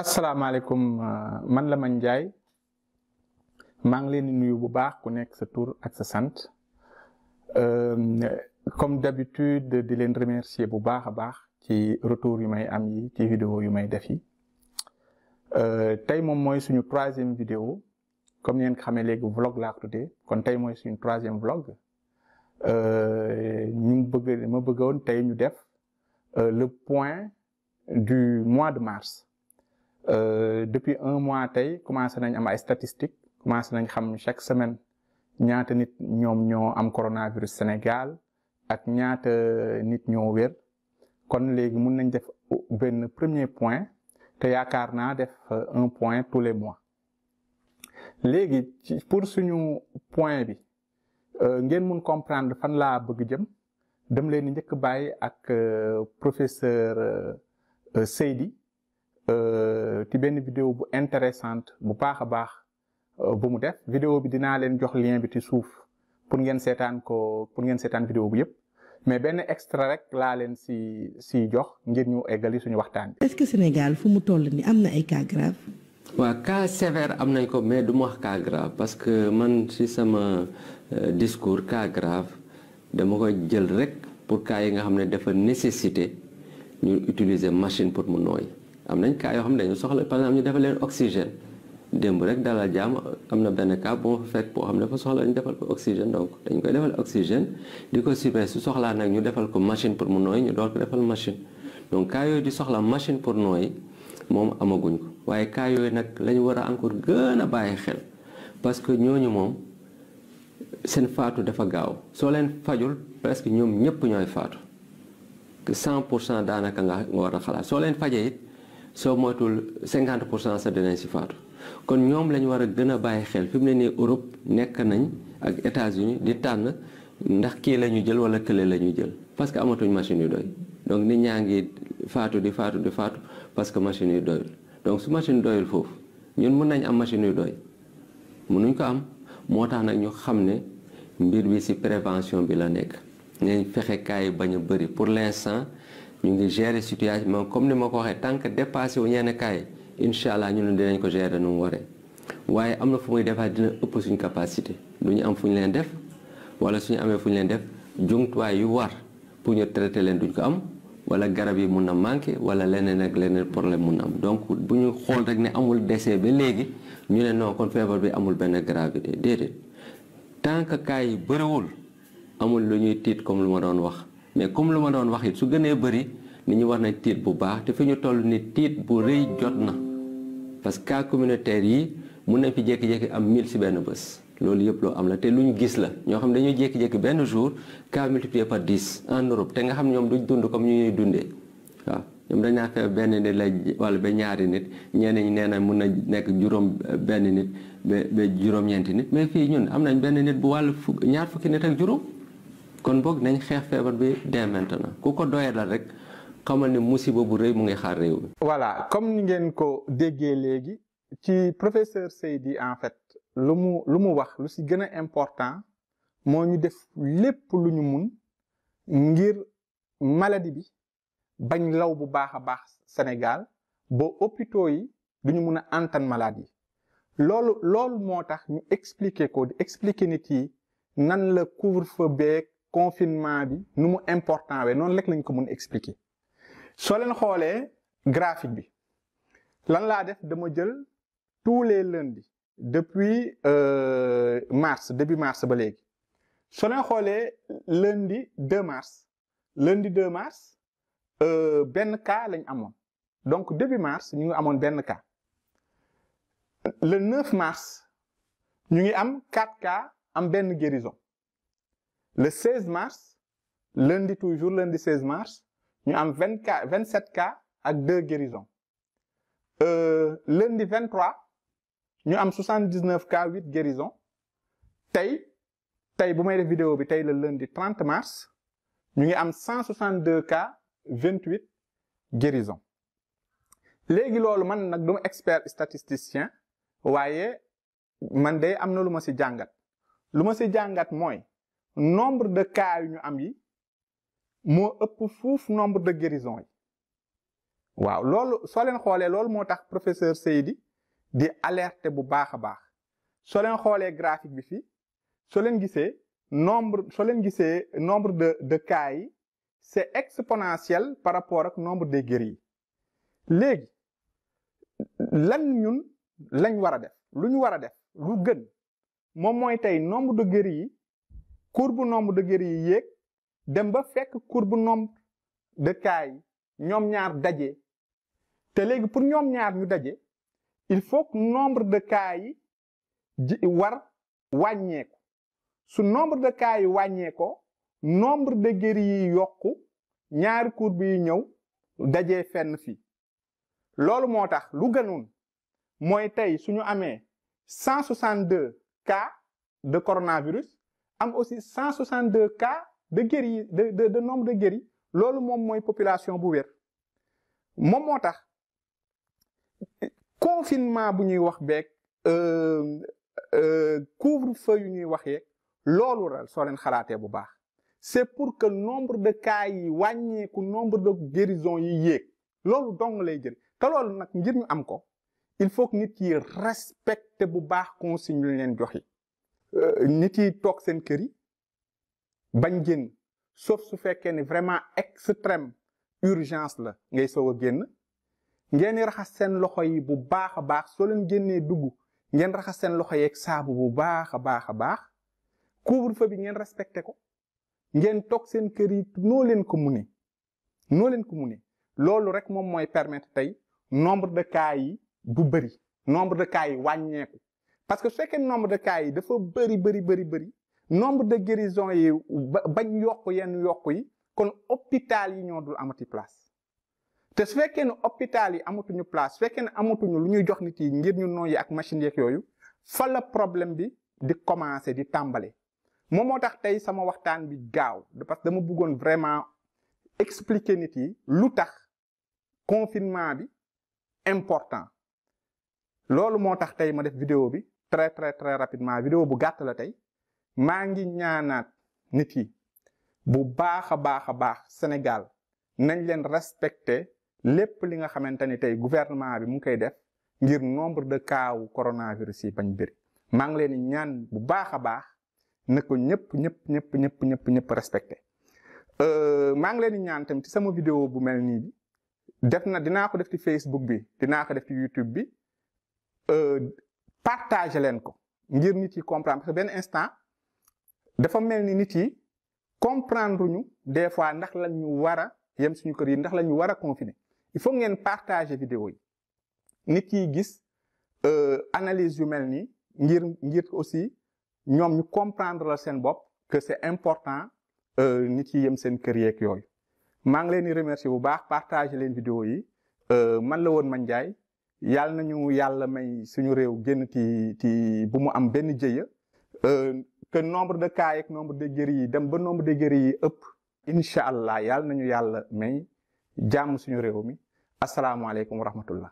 asalaamaaleykum euh, man la Lamine njaay maa ngi leen di nuyu bu baax ku nekk sa tour ak sa sant euh, comme d'habitude di leen remercier bu baax a baax ci retour yu may am yi ci vidéo yu may def yi euh, tey moom mooy suñu troisième vidéo comme ngeen xamee léegi vlog laa ko tuddee kon tey mooy suñu troisième vlog ñu bëgg ma bëggoon tey ñu def le point du mois de mars Euh, depuis un mois tey commencé nañ am ay statistique commencé nañ xam chaque semaine ñaata nit ñoom ñoo am coronavirus Sénégal ak ñaata nit ñoo wér kon léegi mun nañ def benn premier point te yaakaar naa def un point tous les mois léegi ci pour suñu point bi euh, ngeen mun comprendre fan laa bëgg jëm dem leen di njëkk bàyyi ak euh, professeur Seydi Euh, ci benn vidéo bu intéressante bu baax a baax euh, bu mu def vidéo bi dinaa leen jox lien bi ci suuf pour ngeen seetaan ko pour ngeen seetaan vidéo bu yëpp mais benn extra rek laa leen si si jox ngir ñu eggali suñu waxtaan bi. est-ce que Sénégal fu mu toll ni am na ay cas grave. am nañ ko mais du ma wax cas grave parce que man si sama euh, discours cas grave dama koy jël rek pour cas yi nga xam ne dafa nécessité ñu utiliser machine pour mu nooy. am nañ cas yoo xam ne dañu soxla par exemple ñu defal leen oxygène démb rek dalal jàmm am na benn cas bu ma fa fekk boo xam ne dafa soxla ñu defal ko oxygène dañ koy defal oxygène di ko supé su soxlaa nag ñu defal ko machine pour mu nooy ñu door ko defal machine donc cas di soxla machine pour nooy moom amaguñ ko waaye cas yooyu nag lañu war a encore gën a bàyyi xel parce que ñooñu moom seen faatu dafa gaaw soo leen fajul presque ñoom ñëpp ñooy faatu que pour cent daanaka nga war a xalaat soo leen fajee it soo moytul 50 pour cent sa danañ si faatu kon ñoom lañ war a gën a bàyyi xel fi mu ne nii Europe nekk nañ ak États-Unis di tànn ndax kii la ñu jël wala kële la ñu jël parce que amatuñ machine yu doy donc nit ñaa ngi faatu di faatu di faatu parce que machine yu doyul donc su machine doyul foofu ñun mun nañ am machine yu doy nuñ ko am moo tax nag ñu xam ne mbir bi ci prévention bi la nekk nañ fexe kaay bañ a bëri pour l'instant ñu ngi gérer situation comme ni ma ko waxee tant que dépassé wu ñenn kaay incha allah ñun dinañ ko gérer nu mu waree waaye am na fu muy defaat dina ëpp suñu capacité du ñu am fu ñu leen def wala suñu amee fu ñu leen def jumtuwaay yu war pour ñu traiter leen duñ ko am wala garab yi mun na manqué wala leneen ak leneen problème mun na am donc bu ñu xool rek ne amul décès ba léegi ñu ne non kon feebar bi amul benn gravité déedéet tant que kaay yi bëriwul amul lu ñuy tiit comme lu ma doon wax. mais comme lu ma doon wax su gënee bëri nit ñu war nañ tiit bu baax te fi ñu toll ni tiit bu rëy jot na parce que cas communautaire yi mun nañ fi jékki-jékki am 1000 si benn bés loolu yëpp loo am la te lu ñu gis la ñoo xam dañuy jékki-jékki benn jour cas multiplié par 10 te nga xam ñoom duñ dund comme ñu ñuy dundee waaw ñoom dañ naa feebar benn nit la wala ba ñaari nit ñeneen ñi nee na mun na nekk juróom benn nit ba ba juróom-ñeenti nit mais fii ñun am nañ benn nit bu wàll ñaar fukki nit ak juróom. kon boog nañ xeex feebar bi dès maintenant ku ko doyadal rek xamal ne musiba bu rëy mu ngi xaar réew mi. voilà comme ni ngeen ko déggee léegi ci professeur Seydi en fait lu mu lu mu wax lu si gën a important moo ñu def lépp lu ñu mun ngir maladie bi bañ law bu baax a baax Sénégal ba hôpitaux yi ñu mun a antan malade yi loolu loolu moo tax ñu expliquer ko di expliquer nit yi nan la couvre-feu beeg confinement bi nu mu important we noonu lekk lañ ko mun expliquer soo leen xoolee graphique bi lan laa def dama jël tous les lundis depuis euh, mars début mars ba léegi soo leen xoolee lundi 2 mars lundi 2 mars euh, benn ka lañ amoon donc début mars ñu ngi amoon benn ka le 9 mars ñu ngi am 4 ka am benn guérison le 16 mars lundi toujours lundi 16 mars ñu am 24 27 cas ak 2 guérisons euh, lundi 23 ñu am 79 cas 8 guérisons tey tey bu may def vidéo bi tey le lundi 30 mars ñu ngi am 162 cas 28 guérisons léegi loolu man nag duma expert statisticien waaye man de am na lu ma ci jàngat lu ma ci jàngat mooy. nombre de cas yu ñu am yi moo ëpp fuuf nombre de guérison yi waaw loolu soo leen xoolee loolu moo tax professeur Seydi di alerte bu baax a baax soo leen xoolee graphique bi fii soo leen gisee nombre soo gisee nombre de de cas yi c'est exponentiel par rapport ak nombre des guéris yi léegi lan ñun lañ war a def lu ñu war a def lu gën moom mooy tey nombre de guéris yi courbe nombre de guéris yi yéeg dem ba fekk courbe nombre de cas yi ñoom ñaar daje te léegi pour ñoom ñaar ñu daje il faut que nombre de cas yi ji war wàññeeku su nombre de cas yi wàññeekoo nombre de guéris yi yokku ñaari courbe yi ñëw dajee fenn fi loolu moo tax lu gënoon mooy tey su ñu amee 162 cas de coronavirus am aussi 162 cas de guéri de de de nombre de guéri loolu moom mooy population bu wér moom moo tax confinement bu ñuy wax beeg euh, euh, couvre-feu yu ñuy wax yeeg loolu ral soo leen xalaatee bu baax c'est pour que nombre de cas yi wàññeeku nombre de guérisons yi yéeg loolu dong lay jël te loolu nag ngir ñu am ko il faut que nit yi respecter bu baax consigne yu leen jox yi Euh, nit yi toog seen kër yi bañ génn sauf su fekkee ne vraiment extrême urgence la ngay soog a génn ngeen raxas seen loxo yi bu baax a baax soo leen génnee dugg ngeen raxas seen loxo yi ak saabu bu baax a baax a baax couvre-feu bi ngeen respecté ko ngeen toog seen kër yi noo leen ko munee noo leen ko munee loolu rek moom mooy permettre tey nombre de cas yi du bëri nombre de cas yi wàññeeku parce que su fekkee nombre de cas yi dafa bëri bëri bëri bëri nombre de guérisons yi ba bañ yokk yenn yokk yi kon hôpital yi ñoo dul amati place te su fekkee ne hôpital yi amatuñu place su fekkee ne amatuñu lu ñuy jox nit yi ngir ñu nooyi ak machine yeeg yooyu fa la problème bi di commencer di tàmbale moom moo tax tey sama waxtaan bi gaaw parce que dama buggoon vraiment expliquer nit yi lu tax confinement bi important loolu moo tax tey ma def vidéo bi très très très rapidement vidéo bu gàtt la tey maa ngi ñaanaat nit yi bu baax a baax a baax Sénégal nañ leen respecté lépp li nga xamante ni tey gouvernement bi mu ngi koy def ngir nombre de cas wu coronavirus yi bañ bëri maa ngi leen di ñaan bu baax a baax na ko ñëpp ñëpp ñëpp ñëpp ñëpp ñëpp respecté euh, maa ngi leen di ñaan tamit ci sama vidéo bu mel nii bi def na dinaa ko def ci Facebook bi dinaa ko def ci YouTube bi euh, partager leen ko ngir nit yi comprendre parce que benn instant dafa mel ni nit yi comprendre ñu des fois ndax lañ ñu war a yem suñu kër yi ndax lañ ñu war a confiner il faut ngeen partager vidéo yi nit yi gis euh, analyse yu mel nii ngir ngir aussi ñoom ñu comprendre la seen bopp que c'est important euh, nit yi yem seen kër yeeg yooyu maa ngi leen di remercier bu baax partager leen vidéo yi euh, man la woon Man Ndiaye yàlla nañu yàlla may suñu réew génn ci ci bu mu am benn jëya euh, que nombre de cas yeeg nombre de guéris yi dem ba nombre de guéris yi ëpp incha allah yàlla nañu yàlla may jàmm suñu réew mi asalaamaaleykum wa rahmatullah